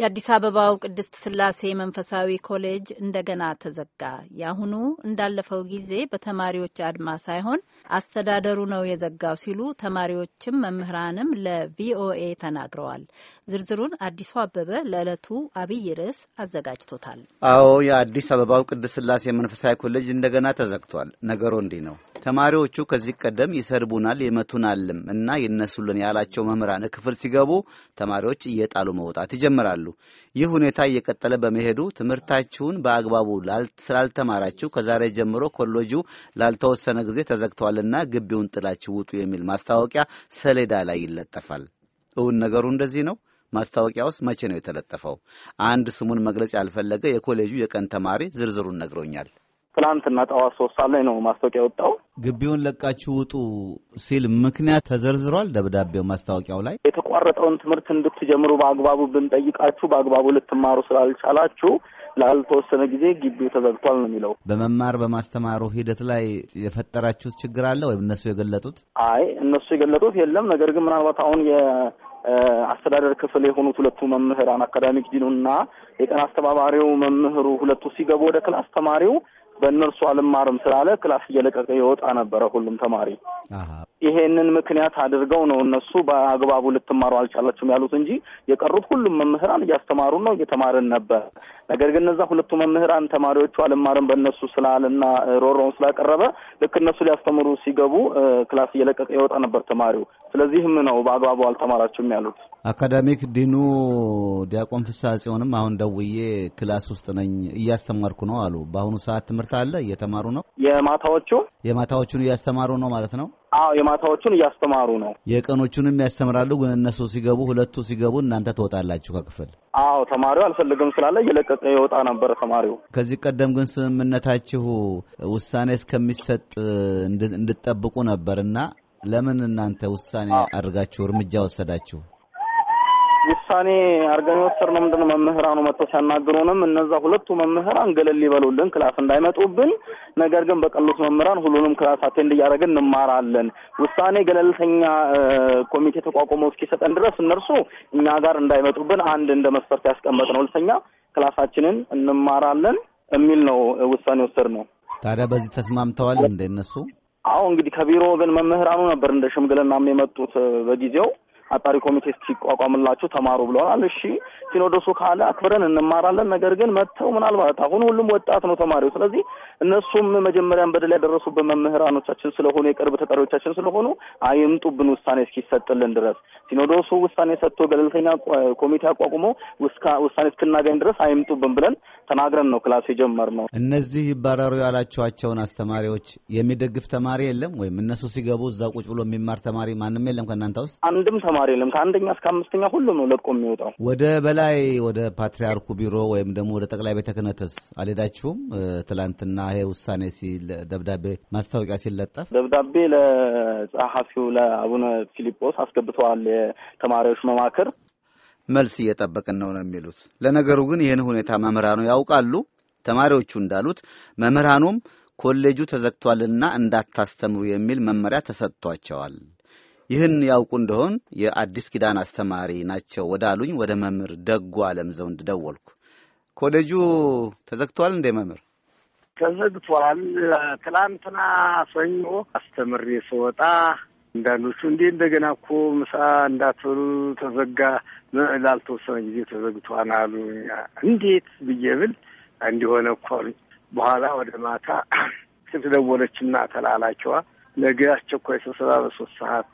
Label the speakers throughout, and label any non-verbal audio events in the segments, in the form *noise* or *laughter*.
Speaker 1: የአዲስ አበባው ቅድስት ስላሴ መንፈሳዊ ኮሌጅ እንደገና ተዘጋ። የአሁኑ እንዳለፈው ጊዜ በተማሪዎች አድማ ሳይሆን አስተዳደሩ ነው የዘጋው ሲሉ ተማሪዎችም መምህራንም ለቪኦኤ ተናግረዋል። ዝርዝሩን አዲሱ አበበ ለዕለቱ አብይ ርዕስ አዘጋጅቶታል። አዎ፣ የአዲስ አበባው ቅድስት ስላሴ መንፈሳዊ ኮሌጅ እንደገና ተዘግቷል። ነገሩ እንዲህ ነው። ተማሪዎቹ ከዚህ ቀደም ይሰድቡናል፣ ይመቱናልም እና ይነሱልን ያላቸው መምህራን ክፍል ሲገቡ ተማሪዎች እየጣሉ መውጣት ይጀምራሉ። ይህ ሁኔታ እየቀጠለ በመሄዱ ትምህርታችሁን በአግባቡ ስላልተማራችሁ ከዛሬ ጀምሮ ኮሌጁ ላልተወሰነ ጊዜ ተዘግተዋልና ግቢውን ጥላችሁ ውጡ የሚል ማስታወቂያ ሰሌዳ ላይ ይለጠፋል። እውን ነገሩ እንደዚህ ነው? ማስታወቂያ ውስጥ መቼ ነው የተለጠፈው? አንድ ስሙን መግለጽ ያልፈለገ የኮሌጁ የቀን ተማሪ ዝርዝሩን ነግሮኛል። ትላንትና ጠዋት ሶስት ሰዓት ላይ ነው ማስታወቂያ ወጣው። ግቢውን ለቃችሁ ውጡ ሲል ምክንያት ተዘርዝሯል ደብዳቤው ማስታወቂያው ላይ።
Speaker 2: የተቋረጠውን ትምህርት እንድትጀምሩ በአግባቡ ብንጠይቃችሁ በአግባቡ ልትማሩ ስላልቻላችሁ ላልተወሰነ ጊዜ ግቢው ተዘግቷል ነው የሚለው።
Speaker 1: በመማር በማስተማሩ ሂደት ላይ የፈጠራችሁት ችግር አለ ወይም እነሱ የገለጡት?
Speaker 2: አይ እነሱ የገለጡት የለም። ነገር ግን ምናልባት አሁን አስተዳደር ክፍል የሆኑት ሁለቱ መምህራን አካዳሚክ ዲኑና የቀን አስተባባሪው መምህሩ ሁለቱ ሲገቡ ወደ ክላስ ተማሪው በእነርሱ አልማርም ስላለ ክላስ እየለቀቀ የወጣ ነበረ ሁሉም ተማሪ። ይሄንን ምክንያት አድርገው ነው እነሱ በአግባቡ ልትማሩ አልቻላችሁም ያሉት እንጂ የቀሩት ሁሉም መምህራን እያስተማሩን ነው፣ እየተማርን ነበር። ነገር ግን እነዛ ሁለቱ መምህራን ተማሪዎቹ አልማርም በእነሱ ስላልና ሮሮውን ስላቀረበ ልክ እነሱ ሊያስተምሩ ሲገቡ ክላስ እየለቀቀ የወጣ ነበር ተማሪው። ስለዚህም ነው በአግባቡ አልተማራችሁም ያሉት።
Speaker 1: አካዳሚክ ዲኑ ዲያቆን ፍስሐ ጽዮንም አሁን ደውዬ ክላስ ውስጥ ነኝ እያስተማርኩ ነው አሉ። በአሁኑ ሰዓት ትምህርት አለ እየተማሩ ነው።
Speaker 2: የማታዎቹ
Speaker 1: የማታዎቹን እያስተማሩ ነው ማለት ነው?
Speaker 2: አዎ የማታዎቹን እያስተማሩ ነው።
Speaker 1: የቀኖቹንም ያስተምራሉ። ግን እነሱ ሲገቡ፣ ሁለቱ ሲገቡ እናንተ ትወጣላችሁ ከክፍል።
Speaker 2: አዎ ተማሪው አልፈልግም ስላለ እየለቀቀ የወጣ ነበረ ተማሪው።
Speaker 1: ከዚህ ቀደም ግን ስምምነታችሁ ውሳኔ እስከሚሰጥ እንድጠብቁ ነበር እና ለምን እናንተ ውሳኔ አድርጋችሁ እርምጃ ወሰዳችሁ?
Speaker 2: ውሳኔ አድርገን የወሰድነው ምንድን ነው መምህራኑ መጥቶ ሲያናግሩንም እነዛ ሁለቱ መምህራን ገለል ይበሉልን፣ ክላስ እንዳይመጡብን። ነገር ግን በቀሉት መምህራን ሁሉንም ክላስ አቴንድ እያደረግን እንማራለን። ውሳኔ ገለልተኛ ኮሚቴ ተቋቁሞ እስኪሰጠን ድረስ እነርሱ እኛ ጋር እንዳይመጡብን አንድ እንደ መስፈርት ያስቀመጥ ነው። ልተኛ ክላሳችንን እንማራለን የሚል ነው ውሳኔ ወሰድነው።
Speaker 1: ታዲያ በዚህ ተስማምተዋል እንደ እነሱ
Speaker 2: አሁ እንግዲህ ከቢሮ ወገን መምህራኑ ነበር እንደ ሽምግልና የመጡት በጊዜው አጣሪ ኮሚቴ ሲቋቋምላችሁ ተማሩ ብለዋል። እሺ ሲኖዶሱ ካለ አክብረን እንማራለን። ነገር ግን መጥተው ምናልባት አሁን ሁሉም ወጣት ነው ተማሪው። ስለዚህ እነሱም መጀመሪያን በደል ያደረሱበት መምህራኖቻችን ስለሆኑ የቅርብ ተጠሪዎቻችን ስለሆኑ አይምጡብን ውሳኔ እስኪሰጥልን ድረስ ሲኖዶሱ ውሳኔ ሰጥቶ ገለልተኛ ኮሚቴ አቋቁሞ ውሳኔ እስክናገኝ ድረስ አይምጡብን ብለን ተናግረን ነው ክላስ የጀመርነው።
Speaker 1: እነዚህ ይባረሩ ያላችኋቸውን አስተማሪዎች የሚደግፍ ተማሪ የለም ወይም እነሱ ሲገቡ እዛ ቁጭ ብሎ የሚማር ተማሪ ማንም የለም ከእናንተ ውስጥ
Speaker 2: አንድም ተማ ተማሪ የለም። ከአንደኛ እስከ አምስተኛ ሁሉም ነው ለቆ የሚወጣው።
Speaker 1: ወደ በላይ ወደ ፓትሪያርኩ ቢሮ ወይም ደግሞ ወደ ጠቅላይ ቤተ ክህነትስ አልሄዳችሁም? ትላንትና ይሄ ውሳኔ ሲል ደብዳቤ ማስታወቂያ ሲለጠፍ
Speaker 2: ደብዳቤ ለጸሐፊው ለአቡነ ፊልጶስ አስገብተዋል። የተማሪዎች መማክር
Speaker 1: መልስ እየጠበቅን ነው ነው የሚሉት። ለነገሩ ግን ይህን ሁኔታ መምህራኑ ያውቃሉ። ተማሪዎቹ እንዳሉት መምህራኑም ኮሌጁ ተዘግቷልና እንዳታስተምሩ የሚል መመሪያ ተሰጥቷቸዋል። ይህን ያውቁ እንደሆን የአዲስ ኪዳን አስተማሪ ናቸው ወዳሉኝ ወደ መምህር ደጉ አለም ዘውንድ ደወልኩ። ኮሌጁ ተዘግቷል እንዴ መምህር?
Speaker 3: ተዘግቷል። ትላንትና ሰኞ አስተምሬ ስወጣ እንዳንዶቹ እንዴ እንደገና እኮ ምሳ እንዳትበሉ ተዘጋ፣ ላልተወሰነ ጊዜ ተዘግቷን አሉ። እንዴት ብዬ ብል እንዲሆነ እኮ አሉኝ። በኋላ ወደ ማታ *clears throat* ስትደወለችና ተላላቸዋ ነገ አስቸኳይ ስብሰባ በሶስት ሰዓት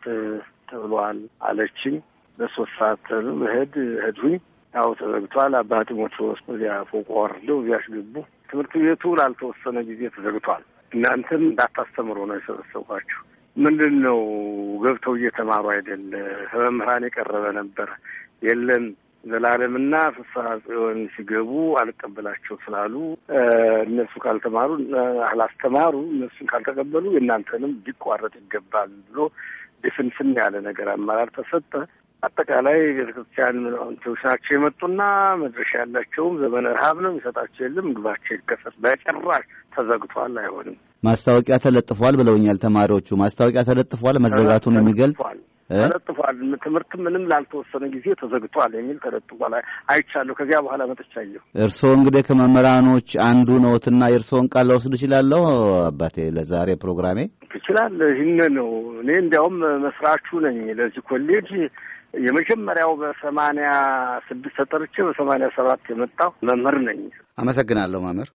Speaker 3: ተብሏል አለችኝ። በሶስት ሰዓት መሄድ እሄድሁኝ። ያው ተዘግቷል። አባ ጢሞቴዎስ በዚያ ፎቅ ወርደው እዚያ አስገቡ። ትምህርት ቤቱ ላልተወሰነ ጊዜ ተዘግቷል። እናንተም እንዳታስተምሮ ነው የሰበሰብኳችሁ ምንድን ነው ገብተው እየተማሩ አይደለ? ከመምህራን የቀረበ ነበር የለም ዘላለምና ፍስሐ ጽዮን ሲገቡ አልቀበላቸው ስላሉ እነሱ ካልተማሩ አላስተማሩ እነሱን ካልተቀበሉ የእናንተንም ሊቋረጥ ይገባል ብሎ ድፍንፍን ያለ ነገር አመራር ተሰጠ። አጠቃላይ ቤተክርስቲያን ምንትዎች ናቸው የመጡና መድረሻ ያላቸውም ዘመነ ረሀብ ነው የሚሰጣቸው የለም ምግባቸው ይከፈት በጭራሽ ተዘግቷል። አይሆንም።
Speaker 1: ማስታወቂያ ተለጥፏል ብለውኛል ተማሪዎቹ። ማስታወቂያ ተለጥፏል መዘጋቱን የሚገልጽ
Speaker 3: ተለጥፏል። ትምህርት ምንም ላልተወሰነ ጊዜ ተዘግቷል የሚል ተለጥፏል። አይቻለሁ። ከዚያ በኋላ መጥቻለሁ።
Speaker 1: እርስዎ እንግዲህ ከመምህራኖች አንዱ ነዎትና የእርስዎን ቃል ለወስድ እችላለሁ አባቴ ለዛሬ ፕሮግራሜ
Speaker 3: ትችላለህ። ይህን ነው እኔ እንዲያውም መስራቹ ነኝ ለዚህ ኮሌጅ የመጀመሪያው በሰማንያ ስድስት ተጠርቼ በሰማንያ ሰባት የመጣው መምህር ነኝ።
Speaker 1: አመሰግናለሁ መምህር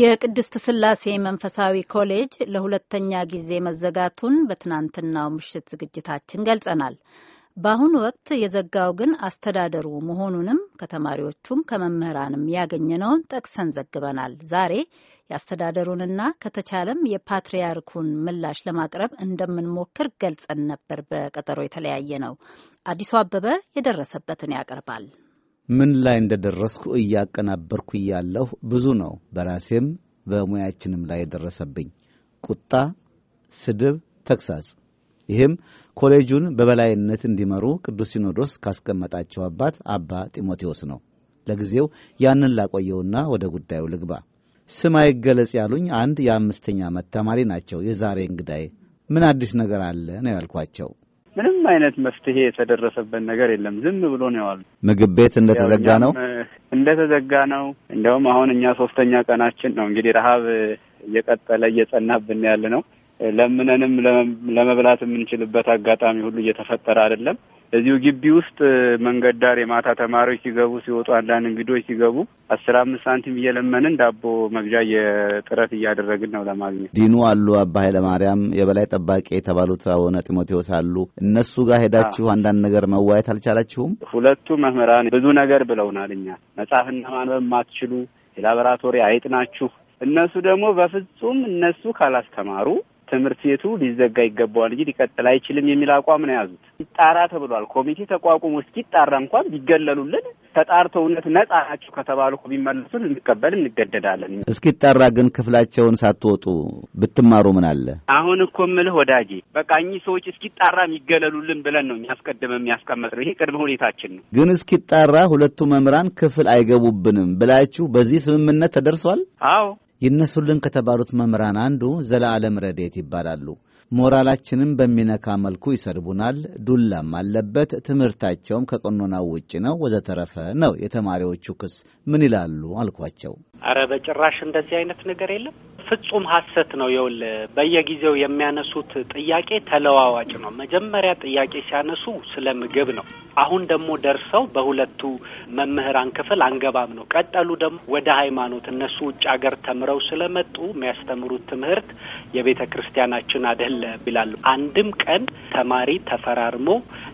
Speaker 1: የቅድስት ስላሴ መንፈሳዊ ኮሌጅ ለሁለተኛ ጊዜ መዘጋቱን በትናንትናው ምሽት ዝግጅታችን ገልጸናል። በአሁኑ ወቅት የዘጋው ግን አስተዳደሩ መሆኑንም ከተማሪዎቹም ከመምህራንም ያገኘነውን ጠቅሰን ዘግበናል። ዛሬ የአስተዳደሩንና ከተቻለም የፓትርያርኩን ምላሽ ለማቅረብ እንደምንሞክር ገልጸን ነበር። በቀጠሮ የተለያየ ነው። አዲሱ አበበ የደረሰበትን ያቀርባል። ምን ላይ እንደደረስኩ እያቀናበርኩ እያለሁ ብዙ ነው። በራሴም በሙያችንም ላይ የደረሰብኝ ቁጣ፣ ስድብ፣ ተግሳጽ። ይህም ኮሌጁን በበላይነት እንዲመሩ ቅዱስ ሲኖዶስ ካስቀመጣቸው አባት አባ ጢሞቴዎስ ነው። ለጊዜው ያንን ላቆየውና ወደ ጉዳዩ ልግባ። ስም አይገለጽ ያሉኝ አንድ የአምስተኛ ዓመት ተማሪ ናቸው። የዛሬ እንግዳይ ምን አዲስ ነገር አለ ነው ያልኳቸው።
Speaker 4: ምንም አይነት መፍትሄ የተደረሰበት ነገር የለም። ዝም ብሎ ነው የዋሉ።
Speaker 1: ምግብ ቤት እንደተዘጋ ነው
Speaker 4: እንደተዘጋ ነው። እንዲያውም አሁን እኛ ሶስተኛ ቀናችን ነው እንግዲህ ረሀብ እየቀጠለ እየጸናብን ያለ ነው። ለምነንም ለመብላት የምንችልበት አጋጣሚ ሁሉ እየተፈጠረ አይደለም። እዚሁ ግቢ ውስጥ መንገድ ዳር የማታ ተማሪዎች ሲገቡ ሲወጡ፣ አንዳንድ እንግዶች ሲገቡ አስራ አምስት ሳንቲም እየለመንን ዳቦ መግዣ የጥረት እያደረግን ነው ለማግኘት።
Speaker 1: ዲኑ አሉ፣ አባ ኃይለ ማርያም የበላይ ጠባቂ የተባሉት አቡነ ጢሞቴዎስ አሉ። እነሱ ጋር ሄዳችሁ አንዳንድ ነገር መዋየት አልቻላችሁም?
Speaker 4: ሁለቱ መምህራን ብዙ ነገር ብለውናል። እኛ መጽሐፍና ማንበብ ማትችሉ የላቦራቶሪ አይጥ ናችሁ። እነሱ ደግሞ በፍጹም እነሱ ካላስተማሩ ትምህርት ቤቱ ሊዘጋ ይገባዋል እንጂ ሊቀጥል አይችልም የሚል አቋም ነው የያዙት። ይጣራ ተብሏል። ኮሚቴ ተቋቁሞ እስኪጣራ እንኳን ቢገለሉልን ተጣርተው እውነት ነጻ ናቸው ከተባሉ ቢመለሱን እንቀበል እንገደዳለን።
Speaker 1: እስኪጣራ ግን ክፍላቸውን ሳትወጡ ብትማሩ ምን አለ?
Speaker 4: አሁን እኮ ምልህ ወዳጄ፣ በቃ እኚህ ሰዎች እስኪጣራ የሚገለሉልን ብለን ነው የሚያስቀድመ የሚያስቀመጥ ነው። ይሄ ቅድመ ሁኔታችን ነው።
Speaker 1: ግን እስኪጣራ ሁለቱ መምህራን ክፍል አይገቡብንም ብላችሁ በዚህ ስምምነት ተደርሷል። አዎ ይነሱልን ከተባሉት መምህራን አንዱ ዘለዓለም ረዴት ይባላሉ። ሞራላችንም በሚነካ መልኩ ይሰድቡናል፣ ዱላም አለበት፣ ትምህርታቸውም ከቀኖናው ውጭ ነው፣ ወዘተረፈ ነው የተማሪዎቹ ክስ። ምን ይላሉ አልኳቸው።
Speaker 4: አረ በጭራሽ እንደዚህ አይነት ነገር የለም፣ ፍጹም ሐሰት ነው። የውል በየጊዜው የሚያነሱት ጥያቄ ተለዋዋጭ ነው። መጀመሪያ ጥያቄ ሲያነሱ ስለ ምግብ ነው። አሁን ደግሞ ደርሰው በሁለቱ መምህራን ክፍል አንገባም ነው። ቀጠሉ ደግሞ ወደ ሃይማኖት እነሱ ውጭ ሀገር ተምረው ስለመጡ የሚያስተምሩት ትምህርት የቤተ ክርስቲያናችን አይደለም ይላሉ። አንድም ቀን ተማሪ ተፈራርሞ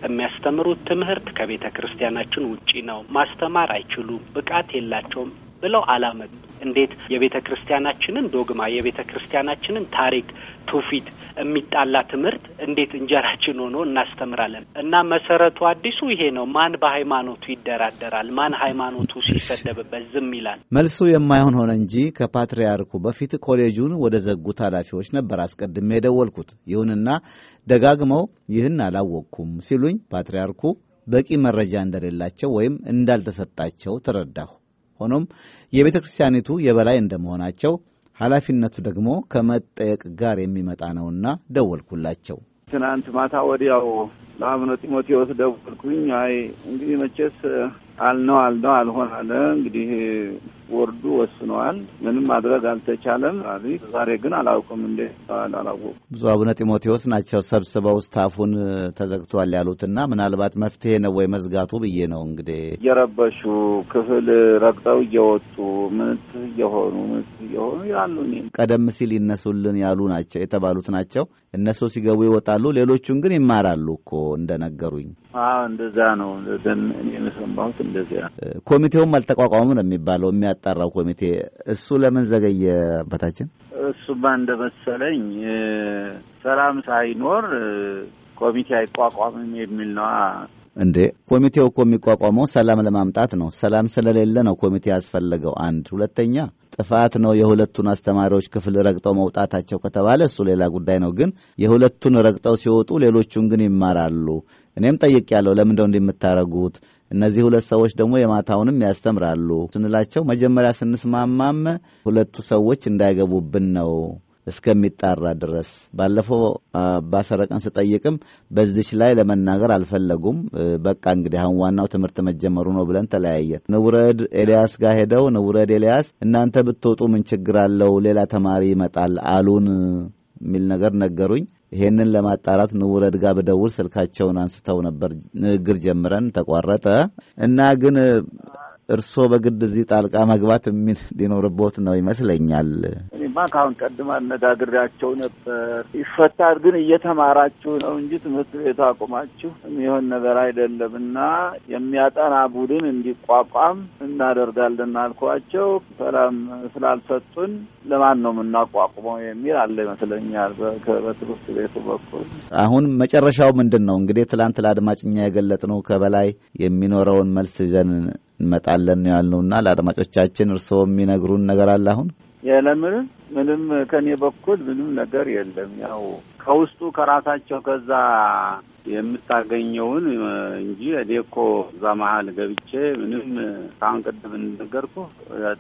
Speaker 4: የሚያስተምሩት ትምህርት ከቤተ ክርስቲያናችን ውጪ ነው፣ ማስተማር አይችሉም፣ ብቃት የላቸውም ብለው አላመጡም። እንዴት የቤተ ክርስቲያናችንን ዶግማ የቤተ ክርስቲያናችንን ታሪክ፣ ትውፊት የሚጣላ ትምህርት እንዴት እንጀራችን ሆኖ እናስተምራለን? እና መሰረቱ አዲሱ ይሄ ነው። ማን በሃይማኖቱ ይደራደራል? ማን ሃይማኖቱ ሲሰደብበት ዝም ይላል?
Speaker 1: መልሱ የማይሆን ሆነ እንጂ ከፓትርያርኩ በፊት ኮሌጁን ወደ ዘጉት ኃላፊዎች ነበር አስቀድሜ የደወልኩት። ይሁንና ደጋግመው ይህን አላወቅኩም ሲሉኝ ፓትርያርኩ በቂ መረጃ እንደሌላቸው ወይም እንዳልተሰጣቸው ተረዳሁ። ሆኖም የቤተ ክርስቲያኒቱ የበላይ እንደመሆናቸው ኃላፊነቱ ደግሞ ከመጠየቅ ጋር የሚመጣ ነውና ደወልኩላቸው።
Speaker 5: ትናንት ማታ ወዲያው ለአቡነ ጢሞቴዎስ ደወልኩኝ። አይ እንግዲህ መቼስ አልነው አልነው አልሆን አለ። እንግዲህ ቦርዱ ወስነዋል። ምንም ማድረግ አልተቻለም። ዛሬ ግን አላውቅም እንዴ አላወቁም።
Speaker 1: ብፁዕ አቡነ ጢሞቴዎስ ናቸው ሰብስበው ስታፉን ተዘግቷል ያሉትና ምናልባት መፍትሄ ነው ወይ መዝጋቱ ብዬ ነው እንግዲህ
Speaker 5: እየረበሹ ክፍል ረግጠው እየወጡ ምንት እየሆኑ ምንት እየሆኑ ያሉ
Speaker 1: ቀደም ሲል ይነሱልን ያሉ ናቸው የተባሉት ናቸው። እነሱ ሲገቡ ይወጣሉ፣ ሌሎቹን ግን ይማራሉ እኮ እንደነገሩኝ።
Speaker 5: እንደዛ ነው የሰማሁት። እንደዚያ
Speaker 1: ኮሚቴውም አልተቋቋሙ ነው የሚባለው የሚያ የሚያጣራው ኮሚቴ እሱ ለምን ዘገየ? አባታችን
Speaker 5: እሱማ እንደመሰለኝ ሰላም ሳይኖር ኮሚቴ አይቋቋምም የሚል ነዋ
Speaker 1: እንዴ ኮሚቴው እኮ የሚቋቋመው ሰላም ለማምጣት ነው። ሰላም ስለሌለ ነው ኮሚቴ ያስፈለገው። አንድ ሁለተኛ ጥፋት ነው የሁለቱን አስተማሪዎች ክፍል ረግጠው መውጣታቸው ከተባለ እሱ ሌላ ጉዳይ ነው። ግን የሁለቱን ረግጠው ሲወጡ ሌሎቹን ግን ይማራሉ። እኔም ጠይቅ ያለው ለምንደው እንዲህ የምታረጉት እነዚህ ሁለት ሰዎች ደግሞ የማታውንም ያስተምራሉ ስንላቸው መጀመሪያ ስንስማማም ሁለቱ ሰዎች እንዳይገቡብን ነው እስከሚጣራ ድረስ ባለፈው ባሰረቀን ስጠይቅም በዚች ላይ ለመናገር አልፈለጉም። በቃ እንግዲህ አሁን ዋናው ትምህርት መጀመሩ ነው ብለን ተለያየን። ንውረድ ኤልያስ ጋር ሄደው ንውረድ ኤልያስ እናንተ ብትወጡ ምን ችግር አለው ሌላ ተማሪ ይመጣል አሉን የሚል ነገር ነገሩኝ። ይሄንን ለማጣራት ንውረድ ጋር ብደውል ስልካቸውን አንስተው ነበር። ንግግር ጀምረን ተቋረጠ እና ግን እርስዎ በግድ እዚህ ጣልቃ መግባት የሚል ሊኖርቦት ነው ይመስለኛል።
Speaker 5: እኔማ ካሁን ቀድም አነጋግሬያቸው ነበር። ይፈታል ግን እየተማራችሁ ነው እንጂ ትምህርት ቤት አቁማችሁ የሚሆን ነገር አይደለም እና የሚያጠና ቡድን እንዲቋቋም እናደርጋለን አልኳቸው። ሰላም ስላልሰጡን ለማን ነው የምናቋቁመው የሚል አለ ይመስለኛል በትምህርት ቤቱ በኩል።
Speaker 1: አሁን መጨረሻው ምንድን ነው እንግዲህ ትላንት ለአድማጭኛ የገለጥ ነው ከበላይ የሚኖረውን መልስ ይዘን እንመጣለን ያልነውና ለአድማጮቻችን እርስዎ የሚነግሩን ነገር አለ አሁን
Speaker 5: የለምንም ምንም ከኔ በኩል ምንም ነገር የለም ያው ከውስጡ ከራሳቸው ከዛ የምታገኘውን እንጂ እኔ እኮ እዛ መሀል ገብቼ ምንም ከአሁን ቅድም እንደነገርኩ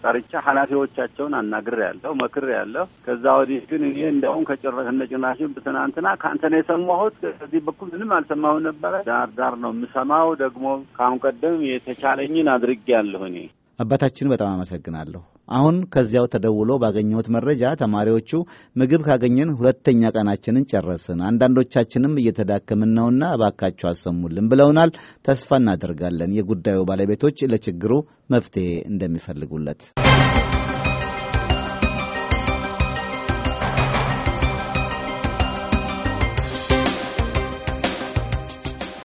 Speaker 5: ጠርቻ ኃላፊዎቻቸውን አናግሬ ያለሁ መክሬ ያለሁ። ከዛ ወዲህ ግን እኔ እንደውም ከጭራሽ እንደ ጭራሽን ትናንትና ከአንተ ነው የሰማሁት። ከዚህ በኩል ምንም አልሰማሁም ነበረ። ዳር ዳር ነው የምሰማው። ደግሞ ከአሁን ቀደም የተቻለኝን አድርጌ ያለሁ እኔ
Speaker 1: አባታችን በጣም አመሰግናለሁ። አሁን ከዚያው ተደውሎ ባገኘሁት መረጃ ተማሪዎቹ ምግብ ካገኘን ሁለተኛ ቀናችንን ጨረስን፣ አንዳንዶቻችንም እየተዳከምን ነውና እባካችሁ አሰሙልን ብለውናል። ተስፋ እናደርጋለን የጉዳዩ ባለቤቶች ለችግሩ መፍትሄ እንደሚፈልጉለት